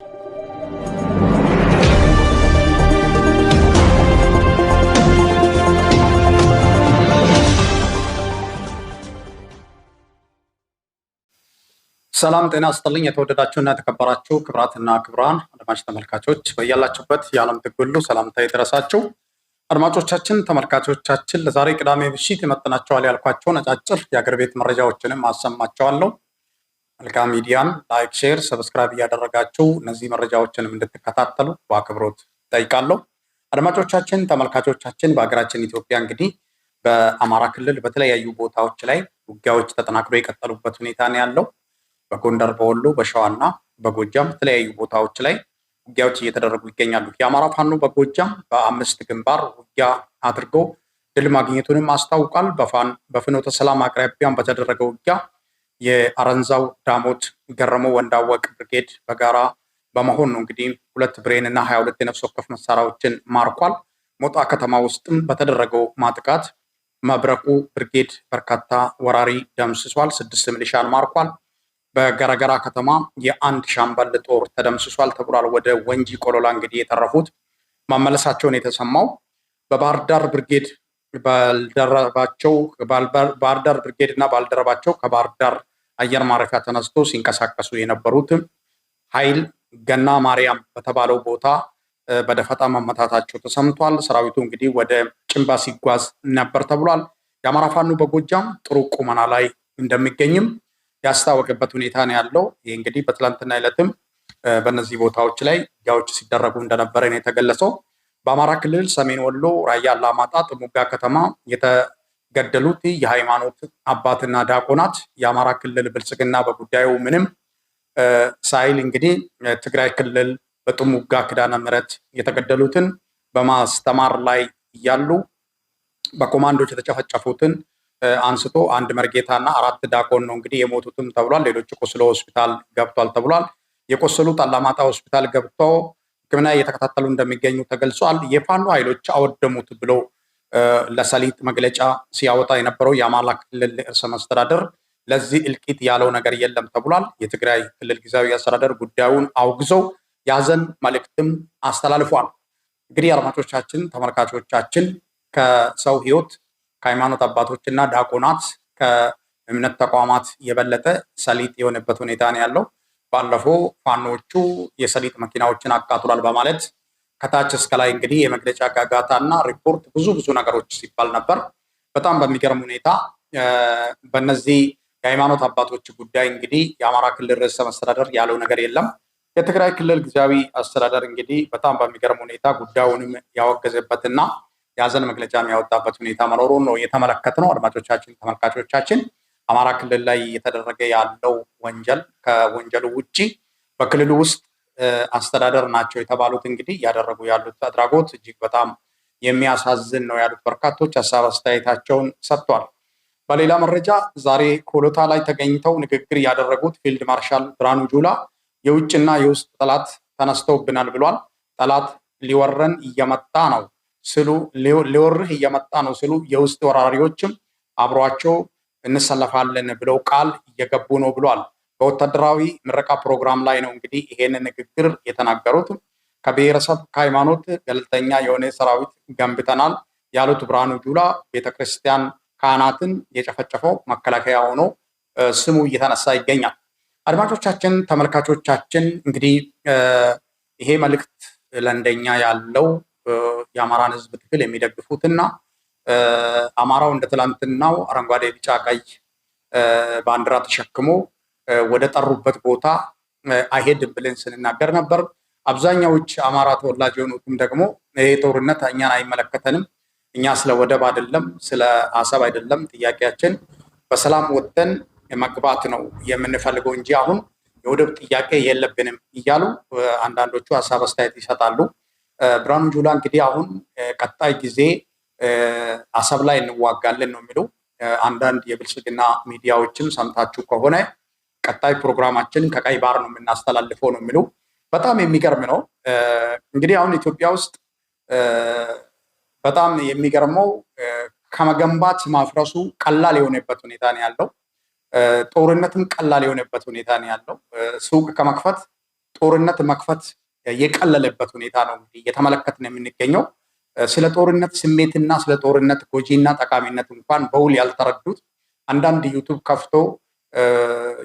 ሰላም ጤና ስጥልኝ። የተወደዳችሁና የተከበራችሁ ክብራትና ክብራን አድማጭ ተመልካቾች በያላችሁበት የዓለም ጥግ ሁሉ ሰላምታ የደረሳችሁ አድማጮቻችን፣ ተመልካቾቻችን ለዛሬ ቅዳሜ ምሽት ይመጥናቸዋል ያልኳቸውን አጫጭር የአገር ቤት መረጃዎችንም አሰማቸዋለሁ። መልካም ሚዲያን ላይክ፣ ሼር፣ ሰብስክራይብ እያደረጋችሁ እነዚህ መረጃዎችንም እንድትከታተሉ በአክብሮት ጠይቃለሁ። አድማጮቻችን፣ ተመልካቾቻችን በሀገራችን ኢትዮጵያ እንግዲህ በአማራ ክልል በተለያዩ ቦታዎች ላይ ውጊያዎች ተጠናክሮ የቀጠሉበት ሁኔታ ነው ያለው። በጎንደር፣ በወሎ፣ በሸዋና በጎጃም በተለያዩ ቦታዎች ላይ ውጊያዎች እየተደረጉ ይገኛሉ። የአማራ ፋኖ በጎጃም በአምስት ግንባር ውጊያ አድርጎ ድል ማግኘቱንም አስታውቋል። በፍኖተ ሰላም አቅራቢያን በተደረገ ውጊያ የአረንዛው ዳሞት ገረመው ወንዳወቅ ብርጌድ በጋራ በመሆን ነው እንግዲህ ሁለት ብሬን እና ሀያ ሁለት የነፍስ ወከፍ መሳሪያዎችን ማርኳል። ሞጣ ከተማ ውስጥም በተደረገው ማጥቃት መብረቁ ብርጌድ በርካታ ወራሪ ደምስሷል፣ ስድስት ሚሊሻን ማርኳል። በገረገራ ከተማ የአንድ ሻምበል ጦር ተደምስሷል ተብሏል። ወደ ወንጂ ቆሎላ እንግዲህ የተረፉት መመለሳቸውን የተሰማው በባህር ዳር ብርጌድ ባልደረባቸው ከባህር ዳር ብርጌድ እና ባልደረባቸው ከባህር ዳር አየር ማረፊያ ተነስቶ ሲንቀሳቀሱ የነበሩት ኃይል ገና ማርያም በተባለው ቦታ በደፈጣ መመታታቸው ተሰምቷል። ሰራዊቱ እንግዲህ ወደ ጭንባ ሲጓዝ ነበር ተብሏል። የአማራ ፋኑ በጎጃም ጥሩ ቁመና ላይ እንደሚገኝም ያስታወቅበት ሁኔታ ነው ያለው። ይህ እንግዲህ በትላንትና ዕለትም በእነዚህ ቦታዎች ላይ ውጊያዎች ሲደረጉ እንደነበረ ነው የተገለጸው። በአማራ ክልል ሰሜን ወሎ ራያ አላማጣ ጥሙጋ ከተማ የሚገደሉት የሃይማኖት አባትና ዲያቆናት የአማራ ክልል ብልጽግና በጉዳዩ ምንም ሳይል እንግዲህ ትግራይ ክልል በጥሙጋ ክዳነ ምረት የተገደሉትን በማስተማር ላይ እያሉ በኮማንዶች የተጨፈጨፉትን አንስቶ አንድ መርጌታና አራት ዳቆን ነው እንግዲህ የሞቱትም ተብሏል። ሌሎች ቆስሎ ሆስፒታል ገብቷል ተብሏል። የቆሰሉት አላማጣ ሆስፒታል ገብተው ሕክምና እየተከታተሉ እንደሚገኙ ተገልጿል። የፋኖ ኃይሎች አወደሙት ብሎ ለሰሊጥ መግለጫ ሲያወጣ የነበረው የአማራ ክልል ርዕሰ መስተዳደር ለዚህ እልቂት ያለው ነገር የለም ተብሏል። የትግራይ ክልል ጊዜያዊ አስተዳደር ጉዳዩን አውግዘው የሀዘን መልእክትም አስተላልፏል። እንግዲህ አድማጮቻችን፣ ተመልካቾቻችን ከሰው ህይወት ከሃይማኖት አባቶችና ዲያቆናት ከእምነት ተቋማት የበለጠ ሰሊጥ የሆነበት ሁኔታ ነው ያለው። ባለፈው ፋኖቹ የሰሊጥ መኪናዎችን አቃጥሏል በማለት ከታች እስከ ላይ እንግዲህ የመግለጫ ጋጋታ እና ሪፖርት ብዙ ብዙ ነገሮች ሲባል ነበር። በጣም በሚገርም ሁኔታ በእነዚህ የሃይማኖት አባቶች ጉዳይ እንግዲህ የአማራ ክልል ርዕሰ መስተዳደር ያለው ነገር የለም። የትግራይ ክልል ጊዜያዊ አስተዳደር እንግዲህ በጣም በሚገርም ሁኔታ ጉዳዩንም ያወገዘበትና የሀዘን መግለጫ ያወጣበት ሁኔታ መኖሩን ነው ነው። አድማጮቻችን፣ ተመልካቾቻችን አማራ ክልል ላይ እየተደረገ ያለው ወንጀል ከወንጀሉ ውጭ በክልሉ ውስጥ አስተዳደር ናቸው የተባሉት እንግዲህ እያደረጉ ያሉት አድራጎት እጅግ በጣም የሚያሳዝን ነው ያሉት በርካቶች ሀሳብ አስተያየታቸውን ሰጥቷል። በሌላ መረጃ ዛሬ ኮሎታ ላይ ተገኝተው ንግግር ያደረጉት ፊልድ ማርሻል ብርሃኑ ጁላ የውጭና የውስጥ ጠላት ተነስተውብናል ብሏል። ጠላት ሊወረን እየመጣ ነው ስሉ ሊወርህ እየመጣ ነው ስሉ የውስጥ ወራሪዎችም አብሯቸው እንሰለፋለን ብለው ቃል እየገቡ ነው ብሏል። በወታደራዊ ምረቃ ፕሮግራም ላይ ነው እንግዲህ ይሄንን ንግግር የተናገሩት። ከብሔረሰብ ከሃይማኖት ገለልተኛ የሆነ ሰራዊት ገንብተናል ያሉት ብርሃኑ ጁላ ቤተክርስቲያን ካህናትን የጨፈጨፈው መከላከያ ሆኖ ስሙ እየተነሳ ይገኛል። አድማጮቻችን፣ ተመልካቾቻችን እንግዲህ ይሄ መልእክት ለእንደኛ ያለው የአማራን ህዝብ ትግል የሚደግፉትና አማራው እንደ ትላንትናው አረንጓዴ፣ ቢጫ፣ ቀይ ባንዲራ ተሸክሞ ወደ ጠሩበት ቦታ አይሄድም ብለን ስንናገር ነበር። አብዛኛዎች አማራ ተወላጅ የሆኑትም ደግሞ ይሄ ጦርነት እኛን አይመለከተንም፣ እኛ ስለ ወደብ አይደለም፣ ስለ አሰብ አይደለም፣ ጥያቄያችን በሰላም ወጥተን መግባት ነው የምንፈልገው እንጂ አሁን የወደብ ጥያቄ የለብንም እያሉ አንዳንዶቹ ሀሳብ አስተያየት ይሰጣሉ። ብርሃኑ ጁላ እንግዲህ አሁን ቀጣይ ጊዜ አሰብ ላይ እንዋጋለን ነው የሚሉ አንዳንድ የብልጽግና ሚዲያዎችም ሰምታችሁ ከሆነ ቀጣይ ፕሮግራማችን ከቀይ ባህር ነው የምናስተላልፈው ነው የሚለው በጣም የሚገርም ነው። እንግዲህ አሁን ኢትዮጵያ ውስጥ በጣም የሚገርመው ከመገንባት ማፍረሱ ቀላል የሆነበት ሁኔታ ነው ያለው። ጦርነትም ቀላል የሆነበት ሁኔታ ነው ያለው። ሱቅ ከመክፈት ጦርነት መክፈት የቀለለበት ሁኔታ ነው እንግዲህ ነው የምንገኘው። ስለ ጦርነት ስሜትና ስለ ጦርነት ጎጂና ጠቃሚነት እንኳን በውል ያልተረዱት አንዳንድ ዩቱብ ከፍቶ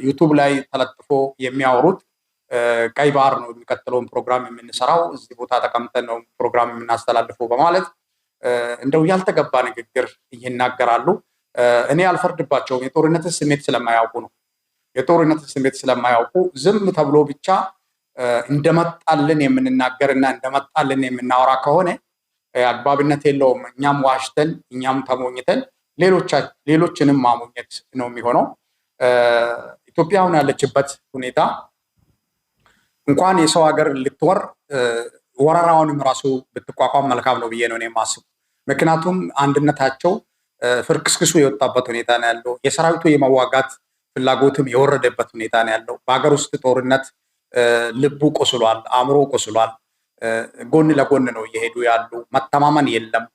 ዩቱብ ላይ ተለጥፎ የሚያወሩት ቀይ ባህር ነው የሚቀጥለውን ፕሮግራም የምንሰራው እዚህ ቦታ ተቀምጠን ነው ፕሮግራም የምናስተላልፈው በማለት እንደው ያልተገባ ንግግር ይናገራሉ። እኔ አልፈርድባቸውም። የጦርነት ስሜት ስለማያውቁ ነው። የጦርነት ስሜት ስለማያውቁ ዝም ተብሎ ብቻ እንደመጣልን የምንናገርና እንደመጣልን የምናወራ ከሆነ አግባብነት የለውም። እኛም ዋሽተን እኛም ተሞኝተን ሌሎችንም ማሞኘት ነው የሚሆነው። ኢትዮጵያ አሁን ያለችበት ሁኔታ እንኳን የሰው ሀገር ልትወር ወረራውንም ራሱ ብትቋቋም መልካም ነው ብዬ ነው የማስቡ። ምክንያቱም አንድነታቸው ፍርክስክሱ የወጣበት ሁኔታ ነው ያለው። የሰራዊቱ የመዋጋት ፍላጎትም የወረደበት ሁኔታ ነው ያለው። በሀገር ውስጥ ጦርነት ልቡ ቆስሏል፣ አእምሮ ቆስሏል። ጎን ለጎን ነው እየሄዱ ያሉ። መተማመን የለም፣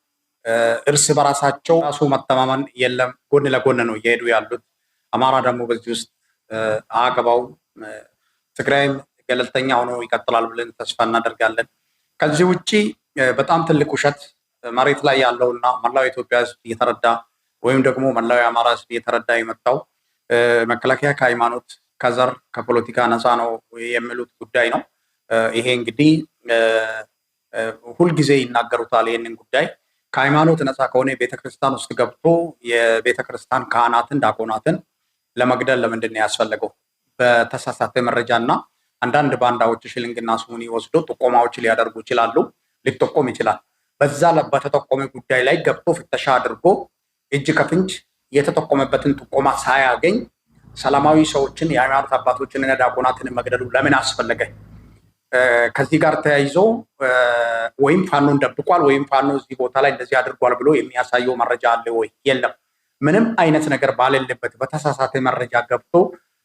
እርስ በራሳቸው ራሱ መተማመን የለም። ጎን ለጎን ነው እየሄዱ ያሉት። አማራ ደግሞ በዚህ ውስጥ አገባው ትግራይም ገለልተኛ ሆኖ ይቀጥላል ብለን ተስፋ እናደርጋለን። ከዚህ ውጭ በጣም ትልቅ ውሸት መሬት ላይ ያለው እና መላው የኢትዮጵያ ሕዝብ እየተረዳ ወይም ደግሞ መላው የአማራ ሕዝብ እየተረዳ የመጣው መከላከያ ከሃይማኖት ከዘር፣ ከፖለቲካ ነፃ ነው የሚሉት ጉዳይ ነው። ይሄ እንግዲህ ሁልጊዜ ይናገሩታል። ይህንን ጉዳይ ከሃይማኖት ነፃ ከሆነ ቤተክርስቲያን ውስጥ ገብቶ የቤተክርስቲያን ካህናትን ዲያቆናትን ለመግደል ለምንድን ነው ያስፈለገው? በተሳሳተ መረጃ እና አንዳንድ ባንዳዎች ሽልንግና ስሙን ወስዶ ጥቆማዎች ሊያደርጉ ይችላሉ፣ ሊጠቆም ይችላል። በዛ በተጠቆመ ጉዳይ ላይ ገብቶ ፍተሻ አድርጎ እጅ ከፍንጅ የተጠቆመበትን ጥቆማ ሳያገኝ ሰላማዊ ሰዎችን የሃይማኖት አባቶችን እና ዲያቆናትን መግደሉ ለምን አስፈለገ? ከዚህ ጋር ተያይዞ ወይም ፋኖን ደብቋል ወይም ፋኖ እዚህ ቦታ ላይ እንደዚህ አድርጓል ብሎ የሚያሳየው መረጃ አለ ወይ? የለም። ምንም አይነት ነገር ባሌለበት በተሳሳተ መረጃ ገብቶ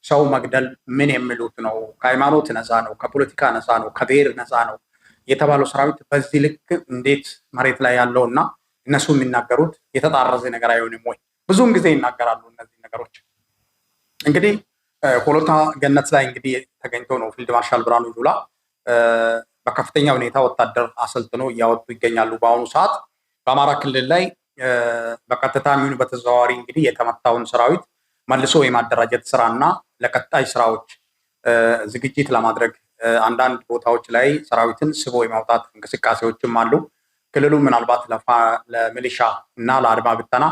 ሰው መግደል ምን የሚሉት ነው? ከሃይማኖት ነፃ ነው፣ ከፖለቲካ ነፃ ነው፣ ከብሔር ነፃ ነው የተባለው ሰራዊት በዚህ ልክ እንዴት መሬት ላይ ያለው እና እነሱ የሚናገሩት የተጣረዘ ነገር አይሆንም ወይ? ብዙም ጊዜ ይናገራሉ እነዚህ ነገሮች። እንግዲህ ሆለታ ገነት ላይ እንግዲህ ተገኝተው ነው ፊልድ ማርሻል ብርሃኑ ጁላ በከፍተኛ ሁኔታ ወታደር አሰልጥኖ እያወጡ ይገኛሉ በአሁኑ ሰዓት በአማራ ክልል ላይ በቀጥታ የሚሆኑ በተዘዋዋሪ እንግዲህ የተመታውን ሰራዊት መልሶ የማደራጀት ስራ እና ለቀጣይ ስራዎች ዝግጅት ለማድረግ አንዳንድ ቦታዎች ላይ ሰራዊትን ስቦ የማውጣት እንቅስቃሴዎችም አሉ። ክልሉ ምናልባት ለሚሊሻ እና ለአድማ ብተና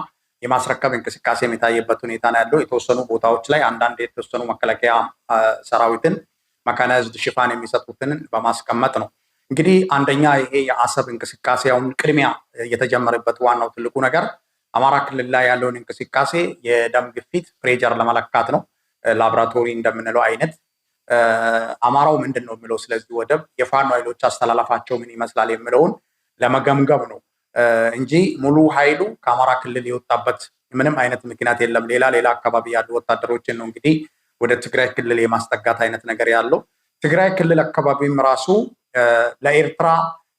የማስረከብ እንቅስቃሴ የታየበት ሁኔታ ነው ያለው። የተወሰኑ ቦታዎች ላይ አንዳንድ የተወሰኑ መከላከያ ሰራዊትን መካናይዝድ ሽፋን የሚሰጡትን በማስቀመጥ ነው። እንግዲህ አንደኛ ይሄ የአሰብ እንቅስቃሴ አሁን ቅድሚያ የተጀመረበት ዋናው ትልቁ ነገር አማራ ክልል ላይ ያለውን እንቅስቃሴ የደም ግፊት ፕሬጀር ለመለካት ነው። ላብራቶሪ እንደምንለው አይነት አማራው ምንድን ነው የሚለው ስለዚህ ወደብ የፋኖ ኃይሎች አስተላለፋቸው ምን ይመስላል የሚለውን ለመገምገም ነው እንጂ ሙሉ ኃይሉ ከአማራ ክልል የወጣበት ምንም አይነት ምክንያት የለም። ሌላ ሌላ አካባቢ ያሉ ወታደሮችን ነው እንግዲህ ወደ ትግራይ ክልል የማስጠጋት አይነት ነገር ያለው ትግራይ ክልል አካባቢም ራሱ ለኤርትራ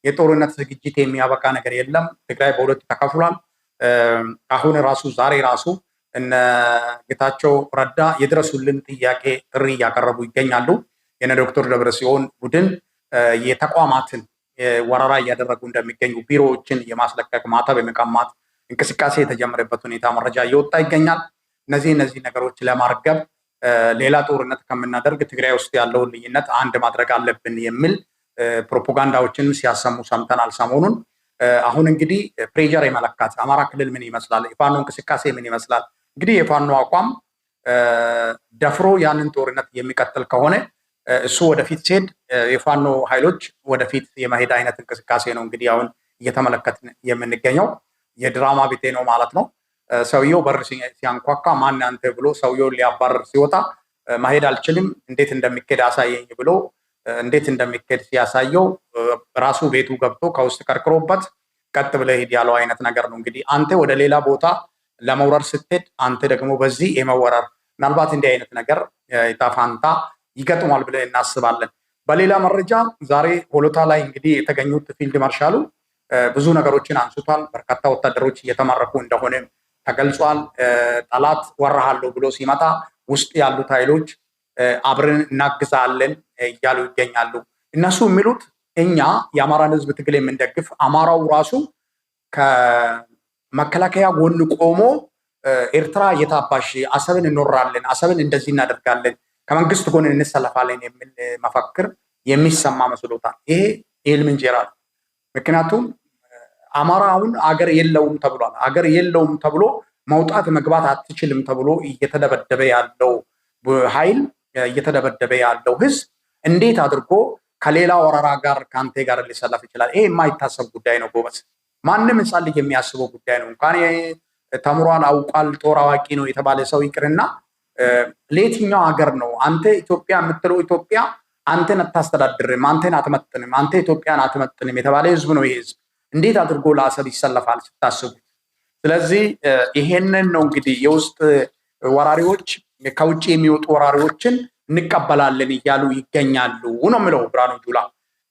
የጦርነት ዝግጅት የሚያበቃ ነገር የለም። ትግራይ በሁለቱ ተከፍሏል። አሁን ራሱ ዛሬ ራሱ እነ ጌታቸው ረዳ የድረሱልን ጥያቄ ጥሪ እያቀረቡ ይገኛሉ። የነ ዶክተር ደብረጽዮን ቡድን የተቋማትን ወረራ እያደረጉ እንደሚገኙ ቢሮዎችን የማስለቀቅ ማተብ የመቀማት እንቅስቃሴ የተጀመረበት ሁኔታ መረጃ እየወጣ ይገኛል። እነዚህ እነዚህ ነገሮች ለማርገብ ሌላ ጦርነት ከምናደርግ ትግራይ ውስጥ ያለውን ልዩነት አንድ ማድረግ አለብን የሚል ፕሮፓጋንዳዎችን ሲያሰሙ ሰምተናል ሰሞኑን። አሁን እንግዲህ ፕሬጀር የመለካት አማራ ክልል ምን ይመስላል፣ የፋኖ እንቅስቃሴ ምን ይመስላል፣ እንግዲህ የፋኖ አቋም ደፍሮ ያንን ጦርነት የሚቀጥል ከሆነ እሱ ወደፊት ሲሄድ የፋኖ ኃይሎች ወደፊት የመሄድ አይነት እንቅስቃሴ ነው እንግዲህ አሁን እየተመለከትን የምንገኘው። የድራማ ቤቴ ነው ማለት ነው። ሰውየው በር ሲያንኳኳ ማን አንተ ብሎ ሰውየውን ሊያባረር ሲወጣ መሄድ አልችልም እንዴት እንደሚኬድ አሳየኝ ብሎ እንዴት እንደሚካሄድ ሲያሳየው ራሱ ቤቱ ገብቶ ከውስጥ ቀርቅሮበት ቀጥ ብለህ ሂድ ያለው አይነት ነገር ነው። እንግዲህ አንተ ወደ ሌላ ቦታ ለመውረር ስትሄድ፣ አንተ ደግሞ በዚህ የመወረር ምናልባት እንዲህ አይነት ነገር የጣፋንታ ይገጥሟል ብለን እናስባለን። በሌላ መረጃ ዛሬ ሆሎታ ላይ እንግዲህ የተገኙት ፊልድ ማርሻሉ ብዙ ነገሮችን አንስቷል። በርካታ ወታደሮች እየተማረኩ እንደሆነ ተገልጿል። ጠላት ወረሃለሁ ብሎ ሲመጣ ውስጥ ያሉት ኃይሎች አብረን እናግዛለን እያሉ ይገኛሉ። እነሱ የሚሉት እኛ የአማራን ህዝብ ትግል የምንደግፍ አማራው ራሱ ከመከላከያ ጎን ቆሞ ኤርትራ የታባሽ አሰብን እኖራለን፣ አሰብን እንደዚህ እናደርጋለን፣ ከመንግስት ጎን እንሰለፋለን የሚል መፈክር የሚሰማ መስሎታል። ይሄ የህልም ነው። ምክንያቱም አማራ አሁን አገር የለውም ተብሏል። አገር የለውም ተብሎ መውጣት መግባት አትችልም ተብሎ እየተደበደበ ያለው ኃይል እየተደበደበ ያለው ህዝብ እንዴት አድርጎ ከሌላ ወረራ ጋር ከአንቴ ጋር ሊሰለፍ ይችላል? ይሄ የማይታሰብ ጉዳይ ነው ጎበዝ። ማንም ህፃን ልጅ የሚያስበው ጉዳይ ነው። እንኳን ተምሯን አውቋል ጦር አዋቂ ነው የተባለ ሰው ይቅርና ለየትኛው ሀገር ነው አንተ ኢትዮጵያ የምትለው ኢትዮጵያ አንተን አታስተዳድርም፣ አንተን አትመጥንም፣ አንተ ኢትዮጵያን አትመጥንም የተባለ ህዝብ ነው። ይህ ህዝብ እንዴት አድርጎ ለአሰብ ይሰለፋል ስታስቡ። ስለዚህ ይሄንን ነው እንግዲህ የውስጥ ወራሪዎች ከውጭ የሚወጡ ወራሪዎችን እንቀበላለን እያሉ ይገኛሉ ነው ምለው ብርሃኑ ጁላ።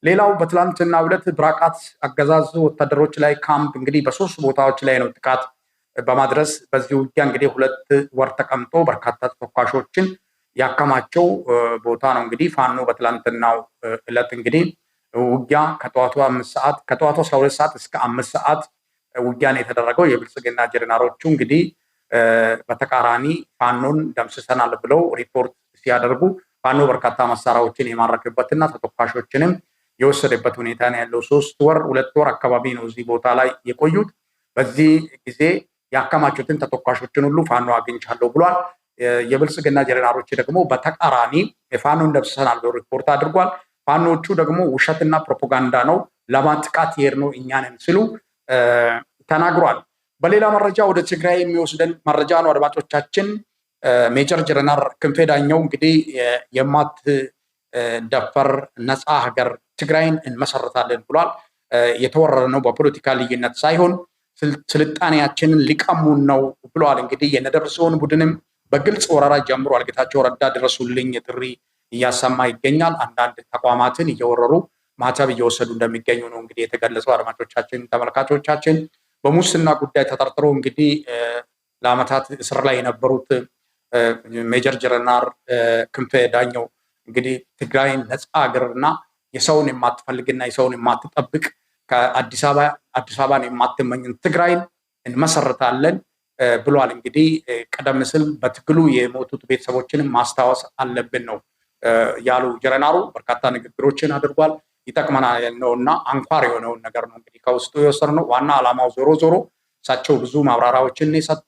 ሌላው በትላንትና ዕለት ብራቃት አገዛዝ ወታደሮች ላይ ካምፕ እንግዲህ በሶስት ቦታዎች ላይ ነው ጥቃት በማድረስ በዚህ ውጊያ እንግዲህ ሁለት ወር ተቀምጦ በርካታ ተኳሾችን ያከማቸው ቦታ ነው። እንግዲህ ፋኖ በትላንትናው ዕለት እንግዲህ ውጊያ ከጠዋቱ አምስት ሰዓት ከጠዋቱ አስራ ሁለት ሰዓት እስከ አምስት ሰዓት ውጊያ ነው የተደረገው። የብልጽግና ጀርናሮቹ እንግዲህ በተቃራኒ ፋኖን ደምስሰናል ብለው ሪፖርት ሲያደርጉ ፋኖ በርካታ መሳሪያዎችን የማረክበትና ተተኳሾችንም የወሰደበት ሁኔታ ነው ያለው። ሶስት ወር ሁለት ወር አካባቢ ነው እዚህ ቦታ ላይ የቆዩት። በዚህ ጊዜ ያከማቹትን ተተኳሾችን ሁሉ ፋኖ አግኝቻለሁ ብሏል። የብልጽግና ጀነራሎች ደግሞ በተቃራኒ ፋኖን ደምስሰናል ብለው ሪፖርት አድርጓል። ፋኖቹ ደግሞ ውሸትና ፕሮፓጋንዳ ነው ለማጥቃት የሄድነው እኛንን ሲሉ ተናግሯል። በሌላ መረጃ ወደ ትግራይ የሚወስደን መረጃ ነው። አድማጮቻችን ሜጀር ጀነራል ክንፌ ዳኘው እንግዲህ የማትደፈር ነፃ ሀገር ትግራይን እንመሰርታለን ብሏል። የተወረረ ነው በፖለቲካ ልዩነት ሳይሆን ስልጣኔያችንን ሊቀሙን ነው ብለዋል። እንግዲህ ሲሆን ቡድንም በግልጽ ወረራ ጀምሯል። ጌታቸው ረዳ ድረሱልኝ ጥሪ እያሰማ ይገኛል። አንዳንድ ተቋማትን እየወረሩ ማተብ እየወሰዱ እንደሚገኙ ነው እንግዲህ የተገለጸው። አድማጮቻችን፣ ተመልካቾቻችን በሙስና ጉዳይ ተጠርጥሮ እንግዲህ ለአመታት እስር ላይ የነበሩት ሜጀር ጀነራል ክንፈ ዳኘው እንግዲህ ትግራይን ነፃ አገርና የሰውን የማትፈልግና የሰውን የማትጠብቅ ከአዲስ አዲስ አበባን የማትመኝን ትግራይን እንመሰርታለን ብሏል። እንግዲህ ቀደም ሲል በትግሉ የሞቱት ቤተሰቦችንም ማስታወስ አለብን ነው ያሉ ጀነራሉ። በርካታ ንግግሮችን አድርጓል። ይጠቅመናል ያልነውና አንኳር የሆነውን ነገር ነው እንግዲህ ከውስጡ የወሰድነው። ዋና ዓላማው ዞሮ ዞሮ እሳቸው ብዙ ማብራሪያዎችን የሰጡ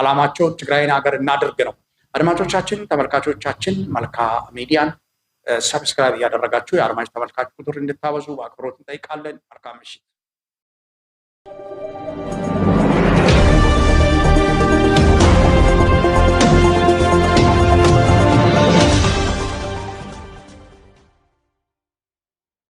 አላማቸው ትግራይን ሀገር እናድርግ ነው። አድማጮቻችን፣ ተመልካቾቻችን መልካ ሚዲያን ሰብስክራይብ እያደረጋችሁ የአድማጭ ተመልካች ቁጥር እንድታበዙ በአክብሮት እንጠይቃለን። መልካም ምሽት።